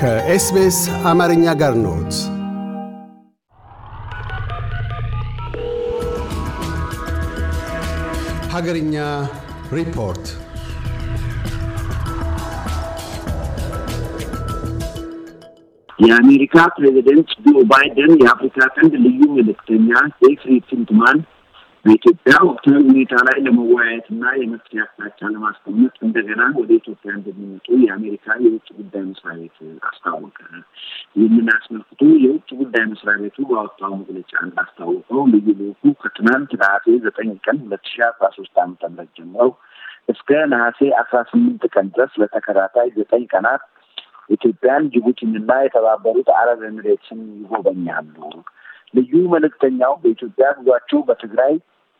ከኤስቤስ አማርኛ ጋር ነት ሀገርኛ ሪፖርት የአሜሪካ ፕሬዚደንት ጆ ባይደን የአፍሪካ ቀንድ ልዩ መልእክተኛ ዴክሪ ፊልትማን በኢትዮጵያ ወቅታዊ ሁኔታ ላይ ለመወያየትና የመፍትሄ አቅጣጫ ለማስቀመጥ እንደገና ወደ ኢትዮጵያ እንደሚመጡ የአሜሪካ የውጭ ጉዳይ መስሪያ ቤት አስታወቀ። ይህንን አስመልክቶ የውጭ ጉዳይ መስሪያ ቤቱ ባወጣው መግለጫ እንዳስታወቀው ልዩ ልዑኩ ከትናንት ነሐሴ ዘጠኝ ቀን ሁለት ሺ አስራ ሶስት ዓመተ ምህረት ጀምረው እስከ ነሐሴ አስራ ስምንት ቀን ድረስ ለተከታታይ ዘጠኝ ቀናት ኢትዮጵያን፣ ጅቡቲንና የተባበሩት አረብ ኤምሬትስን ይጎበኛሉ። ልዩ መልእክተኛው በኢትዮጵያ ጉዟቸው በትግራይ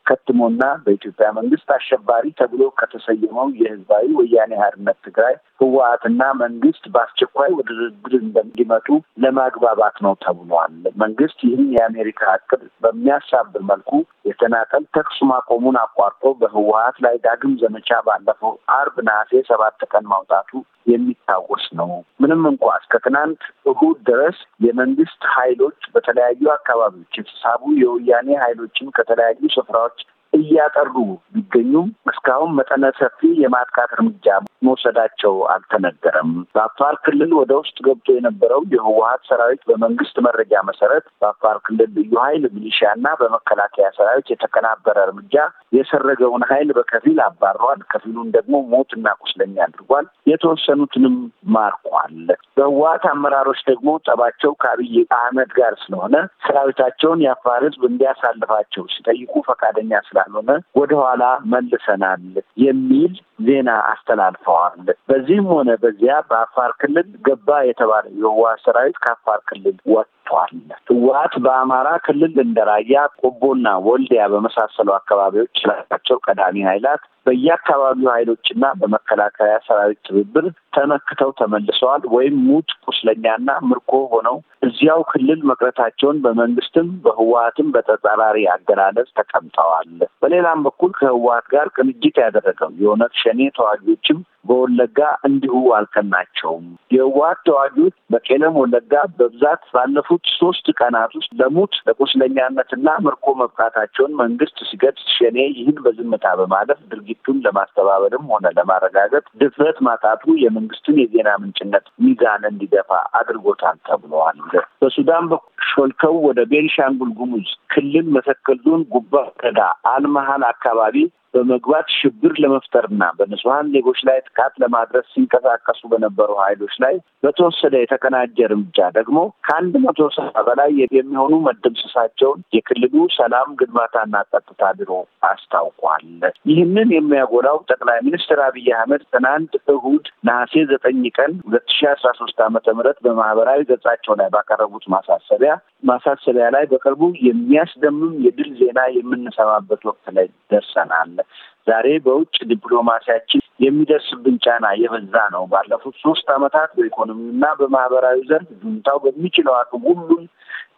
ከትሞና በኢትዮጵያ መንግስት አሸባሪ ተብሎ ከተሰየመው የህዝባዊ ወያኔ ሀርነት ትግራይ ህወሀትና መንግስት በአስቸኳይ ወደ ድርድር እንደሚመጡ ለማግባባት ነው ተብሏል። መንግስት ይህን የአሜሪካ እቅድ በሚያሳብር መልኩ የተናጠል ተኩስ ማቆሙን አቋርጦ በህወሀት ላይ ዳግም ዘመቻ ባለፈው አርብ ነሐሴ ሰባት ቀን ማውጣቱ የሚታወስ ነው። ምንም እንኳ እስከ ትናንት እሁድ ድረስ የመንግስት ኃይሎች በተለያዩ አካባቢዎች የተሳቡ የወያኔ ኃይሎችን ከተለያዩ ስፍራዎች እያጠሩ ቢገኙም እስካሁን መጠነ ሰፊ የማጥቃት እርምጃ መውሰዳቸው አልተነገረም። በአፋር ክልል ወደ ውስጥ ገብቶ የነበረው የህወሀት ሰራዊት በመንግስት መረጃ መሰረት በአፋር ክልል ልዩ ኃይል ሚሊሻና በመከላከያ ሰራዊት የተቀናበረ እርምጃ የሰረገውን ኃይል በከፊል አባሯል፣ ከፊሉን ደግሞ ሞትና ቁስለኛ አድርጓል፣ የተወሰኑትንም ማርኳል። በህወሀት አመራሮች ደግሞ ጠባቸው ከአብይ አህመድ ጋር ስለሆነ ሰራዊታቸውን የአፋር ህዝብ እንዲያሳልፋቸው ሲጠይቁ ፈቃደኛ ስላ ስላልሆነ ወደኋላ መልሰናል የሚል ዜና አስተላልፈዋል። በዚህም ሆነ በዚያ በአፋር ክልል ገባ የተባለ የህወሓት ሰራዊት ከአፋር ክልል ወጥ ተሰጥቷል። ህወሀት በአማራ ክልል እንደ ራያ ቆቦና ወልዲያ በመሳሰሉ አካባቢዎች ላቸው ቀዳሚ ኃይላት በየአካባቢው ኃይሎችና በመከላከያ ሰራዊት ትብብር ተመክተው ተመልሰዋል ወይም ሙት ቁስለኛና ምርኮ ሆነው እዚያው ክልል መቅረታቸውን በመንግስትም በህወሀትም በተጻራሪ አገላለጽ ተቀምጠዋል። በሌላም በኩል ከህወሀት ጋር ቅንጅት ያደረገው የእውነት ሸኔ ተዋጊዎችም በወለጋ እንዲሁ አልከናቸውም። የህወሀት ተዋጊዎች በቄለም ወለጋ በብዛት ባለፉት ሶስት ቀናት ውስጥ ለሙት ለቁስለኛነትና ምርኮ መብቃታቸውን መንግስት ሲገልጽ ሸኔ ይህን በዝምታ በማለፍ ድርጊቱን ለማስተባበልም ሆነ ለማረጋገጥ ድፍረት ማጣቱ የመንግስትን የዜና ምንጭነት ሚዛን እንዲገፋ አድርጎታል ተብለዋል። በሱዳን በኩል ሾልከው ወደ ቤንሻንጉል ጉሙዝ ክልል መተከል ዞን ጉባ ወረዳ አልመሃል አካባቢ በመግባት ሽብር ለመፍጠርና በንጹሐን ዜጎች ላይ ጥቃት ለማድረስ ሲንቀሳቀሱ በነበሩ ኃይሎች ላይ በተወሰደ የተቀናጀ እርምጃ ደግሞ ከአንድ መቶ ሰባ በላይ የሚሆኑ መደምሰሳቸውን የክልሉ ሰላም ግንባታና ጸጥታ ቢሮ አስታውቋል። ይህንን የሚያጎላው ጠቅላይ ሚኒስትር አብይ አህመድ ትናንት እሁድ ነሐሴ ዘጠኝ ቀን ሁለት ሺ አስራ ሶስት ዓመተ ምህረት በማህበራዊ ገጻቸው ላይ ባቀረቡት ማሳሰቢያ ማሳሰቢያ ላይ በቅርቡ የሚያስደምም የድል ዜና የምንሰማበት ወቅት ላይ ደርሰናል። ዛሬ በውጭ ዲፕሎማሲያችን የሚደርስብን ጫና የበዛ ነው። ባለፉት ሶስት ዓመታት በኢኮኖሚውና በማህበራዊ ዘርፍ ጁንታው በሚችለው አቅም ሁሉም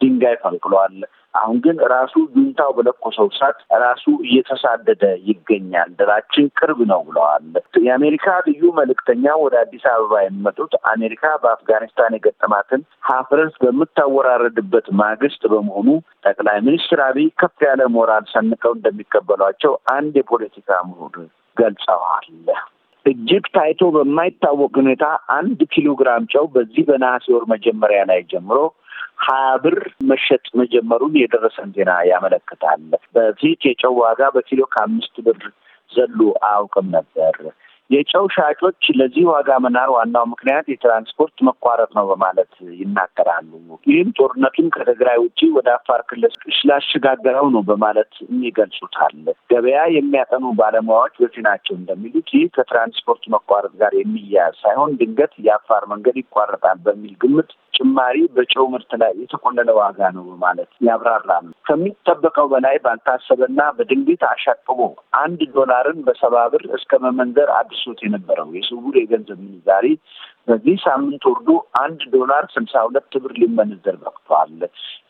ድንጋይ ፈንቅሏል። አሁን ግን ራሱ ጁንታው በለኮሰው እሳት ራሱ እየተሳደደ ይገኛል። ድላችን ቅርብ ነው ብለዋል። የአሜሪካ ልዩ መልእክተኛ ወደ አዲስ አበባ የሚመጡት አሜሪካ በአፍጋኒስታን የገጠማትን ሀፍረስ በምታወራረድበት ማግስት በመሆኑ ጠቅላይ ሚኒስትር አብይ ከፍ ያለ ሞራል ሰንቀው እንደሚቀበሏቸው አንድ የፖለቲካ ምሁር ገልጸዋል። እጅግ ታይቶ በማይታወቅ ሁኔታ አንድ ኪሎ ግራም ጨው በዚህ በነሐሴ ወር መጀመሪያ ላይ ጀምሮ ሀያ ብር መሸጥ መጀመሩን የደረሰን ዜና ያመለክታል። በፊት የጨው ዋጋ በኪሎ ከአምስት ብር ዘሎ አያውቅም ነበር። የጨው ሻጮች ለዚህ ዋጋ መናር ዋናው ምክንያት የትራንስፖርት መቋረጥ ነው በማለት ይናገራሉ። ይህም ጦርነቱን ከትግራይ ውጭ ወደ አፋር ክልል ስላሸጋገረው ነው በማለት ይገልጹታል። ገበያ የሚያጠኑ ባለሙያዎች በፊናቸው እንደሚሉት ይህ ከትራንስፖርት መቋረጥ ጋር የሚያያዝ ሳይሆን ድንገት የአፋር መንገድ ይቋረጣል በሚል ግምት ጭማሪ በጨው ምርት ላይ የተቆለለ ዋጋ ነው በማለት ያብራራሉ። ከሚጠበቀው በላይ ባልታሰበና በድንገት አሻቅቦ አንድ ዶላርን በሰባ ብር እስከ መመንዘር አዲስ ሲያስወቅሱት የነበረው የስውር የገንዘብ ምንዛሬ በዚህ ሳምንት ወርዶ አንድ ዶላር ስልሳ ሁለት ብር ሊመነዘር በቅቷል።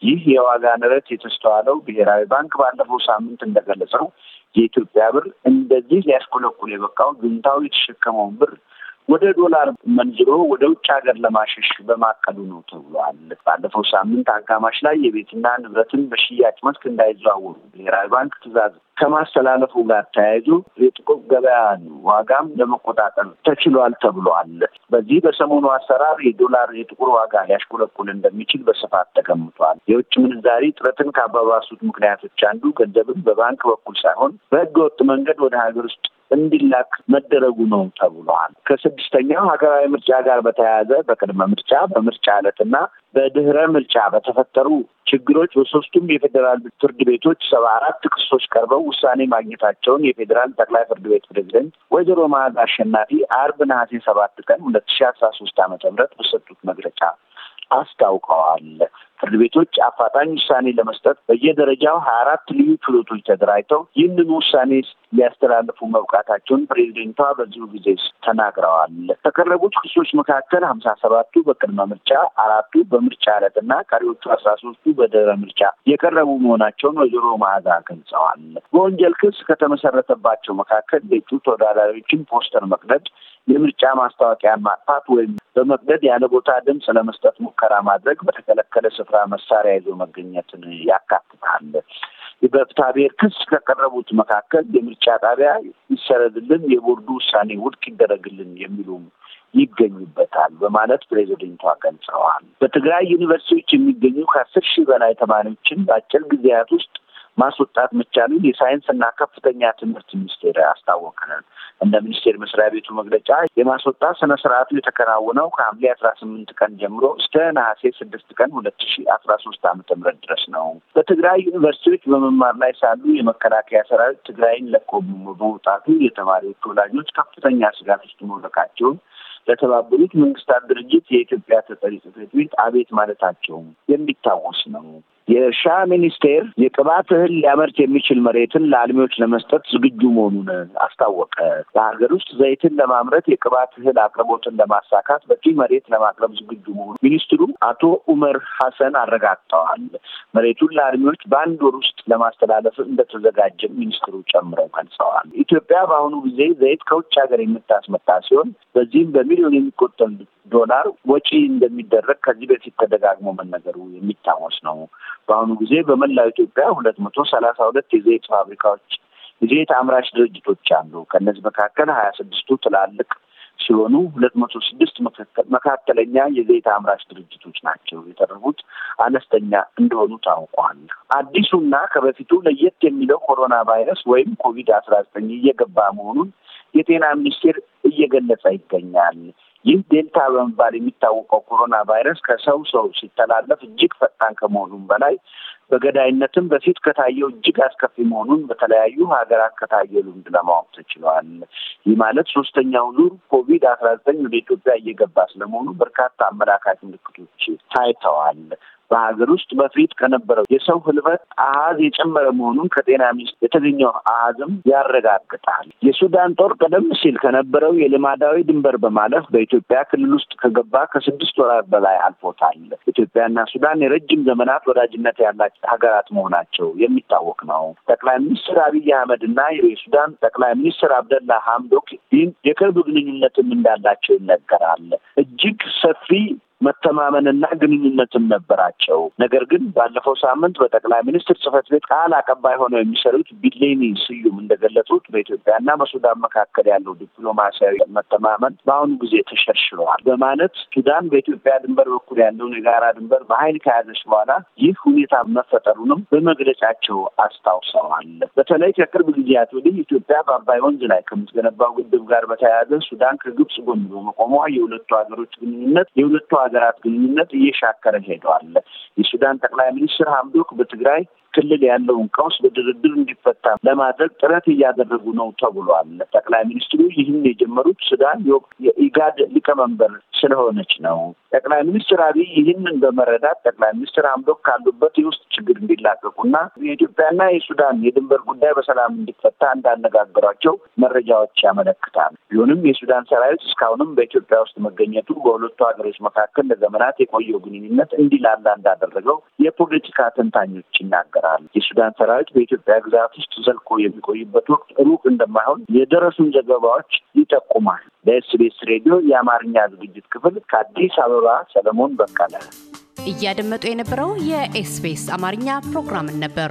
ይህ የዋጋ ንረት የተስተዋለው ብሔራዊ ባንክ ባለፈው ሳምንት እንደገለጸው የኢትዮጵያ ብር እንደዚህ ሊያሽቆለቁል የበቃው ጁንታው የተሸከመውን ብር ወደ ዶላር መንዝሮ ወደ ውጭ ሀገር ለማሸሽ በማቀዱ ነው ተብሏል። ባለፈው ሳምንት አጋማሽ ላይ የቤትና ንብረትን በሽያጭ መስክ እንዳይዘዋወሩ ብሔራዊ ባንክ ትዕዛዝ ከማስተላለፉ ጋር ተያይዞ የጥቁር ገበያን ዋጋም ለመቆጣጠር ተችሏል ተብሏል። በዚህ በሰሞኑ አሰራር የዶላር የጥቁር ዋጋ ሊያሽቆለቁል እንደሚችል በስፋት ተገምቷል። የውጭ ምንዛሪ ጥረትን ካባባሱት ምክንያቶች አንዱ ገንዘብን በባንክ በኩል ሳይሆን ወጥ መንገድ ወደ ሀገር ውስጥ እንዲላክ መደረጉ ነው ተብሏል። ከስድስተኛው ሀገራዊ ምርጫ ጋር በተያያዘ በቅድመ ምርጫ፣ በምርጫ ዕለትና በድህረ ምርጫ በተፈጠሩ ችግሮች በሶስቱም የፌዴራል ፍርድ ቤቶች ሰባ አራት ክሶች ቀርበው ውሳኔ ማግኘታቸውን የፌዴራል ጠቅላይ ፍርድ ቤት ፕሬዚደንት ወይዘሮ መዓዛ አሸናፊ አርብ ነሐሴ ሰባት ቀን ሁለት ሺ አስራ ሶስት ዓመተ ምህረት በሰጡት መግለጫ አስታውቀዋል። ፍርድ ቤቶች አፋጣኝ ውሳኔ ለመስጠት በየደረጃው ሀያ አራት ልዩ ችሎቶች ተደራጅተው ይህንን ውሳኔ ሊያስተላልፉ መብቃታቸውን ፕሬዚደንቷ በዚሁ ጊዜ ተናግረዋል። ከቀረቡት ክሶች መካከል ሀምሳ ሰባቱ በቅድመ ምርጫ፣ አራቱ በምርጫ ዕለትና ቀሪዎቹ አስራ ሶስቱ በድህረ ምርጫ የቀረቡ መሆናቸውን ወይዘሮ መዓዛ ገልጸዋል። በወንጀል ክስ ከተመሰረተባቸው መካከል ቤቱ ተወዳዳሪዎችን ፖስተር መቅደድ የምርጫ ማስታወቂያ ማጥፋት ወይም በመቅደድ ያለ ቦታ ድምፅ ለመስጠት ሙከራ ማድረግ፣ በተከለከለ ስፍራ መሳሪያ ይዞ መገኘትን ያካትታል። በፍትሐ ክስ ከቀረቡት መካከል የምርጫ ጣቢያ ይሰረድልን፣ የቦርዱ ውሳኔ ውድቅ ይደረግልን የሚሉም ይገኙበታል በማለት ፕሬዚደንቷ ገልጸዋል። በትግራይ ዩኒቨርሲቲዎች የሚገኙ ከአስር ሺህ በላይ ተማሪዎችን በአጭር ጊዜያት ውስጥ ማስወጣት መቻሉን የሳይንስና ከፍተኛ ትምህርት ሚኒስቴር አስታወቀ። እንደ ሚኒስቴር መስሪያ ቤቱ መግለጫ የማስወጣት ስነ ስርዓቱ የተከናወነው ከሐምሌ አስራ ስምንት ቀን ጀምሮ እስከ ነሐሴ ስድስት ቀን ሁለት ሺ አስራ ሶስት አመተ ምህረት ድረስ ነው። በትግራይ ዩኒቨርሲቲዎች በመማር ላይ ሳሉ የመከላከያ ሰራዊት ትግራይን ለቆ በመውጣቱ የተማሪዎች ወላጆች ከፍተኛ ስጋት ውስጥ መውደቃቸውን ለተባበሩት መንግስታት ድርጅት የኢትዮጵያ ተጠሪ ጽሕፈት ቤት አቤት ማለታቸው የሚታወስ ነው። የእርሻ ሚኒስቴር የቅባት እህል ሊያመርት የሚችል መሬትን ለአልሚዎች ለመስጠት ዝግጁ መሆኑን አስታወቀ። በሀገር ውስጥ ዘይትን ለማምረት የቅባት እህል አቅርቦትን ለማሳካት በቂ መሬት ለማቅረብ ዝግጁ መሆኑ ሚኒስትሩ አቶ ኡመር ሀሰን አረጋግጠዋል። መሬቱን ለአልሚዎች በአንድ ወር ውስጥ ለማስተላለፍ እንደተዘጋጀ ሚኒስትሩ ጨምረው ገልጸዋል። ኢትዮጵያ በአሁኑ ጊዜ ዘይት ከውጭ ሀገር የምታስመጣ ሲሆን በዚህም በሚሊዮን የሚቆጠር ዶላር ወጪ እንደሚደረግ ከዚህ በፊት ተደጋግሞ መነገሩ የሚታወስ ነው። በአሁኑ ጊዜ በመላው ኢትዮጵያ ሁለት መቶ ሰላሳ ሁለት የዘይት ፋብሪካዎች የዘይት አምራች ድርጅቶች አሉ። ከእነዚህ መካከል ሀያ ስድስቱ ትላልቅ ሲሆኑ ሁለት መቶ ስድስት መካከለኛ የዘይት አምራች ድርጅቶች ናቸው። የተረፉት አነስተኛ እንደሆኑ ታውቋል። አዲሱና ከበፊቱ ለየት የሚለው ኮሮና ቫይረስ ወይም ኮቪድ አስራ ዘጠኝ እየገባ መሆኑን የጤና ሚኒስቴር እየገለጸ ይገኛል። ይህ ዴልታ በመባል የሚታወቀው ኮሮና ቫይረስ ከሰው ሰው ሲተላለፍ እጅግ ፈጣን ከመሆኑም በላይ በገዳይነትም በፊት ከታየው እጅግ አስከፊ መሆኑን በተለያዩ ሀገራት ከታየ ልምድ ለማወቅ ተችለዋል። ይህ ማለት ሶስተኛው ዙር ኮቪድ አስራ ዘጠኝ ወደ ኢትዮጵያ እየገባ ስለመሆኑ በርካታ አመላካች ምልክቶች ታይተዋል። በሀገር ውስጥ በፊት ከነበረው የሰው ህልበት አሀዝ የጨመረ መሆኑን ከጤና ሚኒስቴር የተገኘው አሀዝም ያረጋግጣል። የሱዳን ጦር ቀደም ሲል ከነበረው የልማዳዊ ድንበር በማለፍ በኢትዮጵያ ክልል ውስጥ ከገባ ከስድስት ወራት በላይ አልፎታል። ኢትዮጵያና ሱዳን የረጅም ዘመናት ወዳጅነት ያላቸው ሀገራት መሆናቸው የሚታወቅ ነው። ጠቅላይ ሚኒስትር አብይ አህመድ የሱዳን ጠቅላይ ሚኒስትር አብደላ ሀምዶክ ቢን የቅርብ ግንኙነትም እንዳላቸው ይነገራል። እጅግ ሰፊ መተማመንና ግንኙነትም ነበራቸው። ነገር ግን ባለፈው ሳምንት በጠቅላይ ሚኒስትር ጽህፈት ቤት ቃል አቀባይ ሆነው የሚሰሩት ቢሌኒ ስዩም እንደገለጹት በኢትዮጵያና በሱዳን መካከል ያለው ዲፕሎማሲያዊ መተማመን በአሁኑ ጊዜ ተሸርሽረዋል በማለት ሱዳን በኢትዮጵያ ድንበር በኩል ያለውን የጋራ ድንበር በኃይል ከያዘች በኋላ ይህ ሁኔታ መፈጠሩንም በመግለጫቸው አስታውሰዋል። በተለይ ከቅርብ ጊዜያት ወዲህ ኢትዮጵያ በአባይ ወንዝ ላይ ከምትገነባው ግድብ ጋር በተያያዘ ሱዳን ከግብጽ ጎን በመቆሟ የሁለቱ ሀገሮች ግንኙነት የሁለቱ ሀገራት ግንኙነት እየሻከረ ሄደዋል። የሱዳን ጠቅላይ ሚኒስትር ሀምዶክ በትግራይ ክልል ያለውን ቀውስ በድርድር እንዲፈታ ለማድረግ ጥረት እያደረጉ ነው ተብሏል። ጠቅላይ ሚኒስትሩ ይህን የጀመሩት ሱዳን የኢጋድ ሊቀመንበር ስለሆነች ነው። ጠቅላይ ሚኒስትር አብይ ይህንን በመረዳት ጠቅላይ ሚኒስትር አምዶክ ካሉበት የውስጥ ችግር እንዲላቀቁና የኢትዮጵያና የሱዳን የድንበር ጉዳይ በሰላም እንዲፈታ እንዳነጋገሯቸው መረጃዎች ያመለክታል። ቢሆንም የሱዳን ሰራዊት እስካሁንም በኢትዮጵያ ውስጥ መገኘቱ በሁለቱ ሀገሮች መካከል ለዘመናት የቆየው ግንኙነት እንዲላላ እንዳደረገው የፖለቲካ ተንታኞች ይናገራል። ይነገራል። የሱዳን ሰራዊት በኢትዮጵያ ግዛት ውስጥ ዘልቆ የሚቆይበት ወቅት ሩቅ እንደማይሆን የደረሱን ዘገባዎች ይጠቁማል። ለኤስቤስ ሬዲዮ የአማርኛ ዝግጅት ክፍል ከአዲስ አበባ ሰለሞን በቀለ። እያደመጡ የነበረው የኤስቤስ አማርኛ ፕሮግራምን ነበር።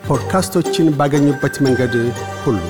ፖድካስቶችን ባገኙበት መንገድ ሁሉ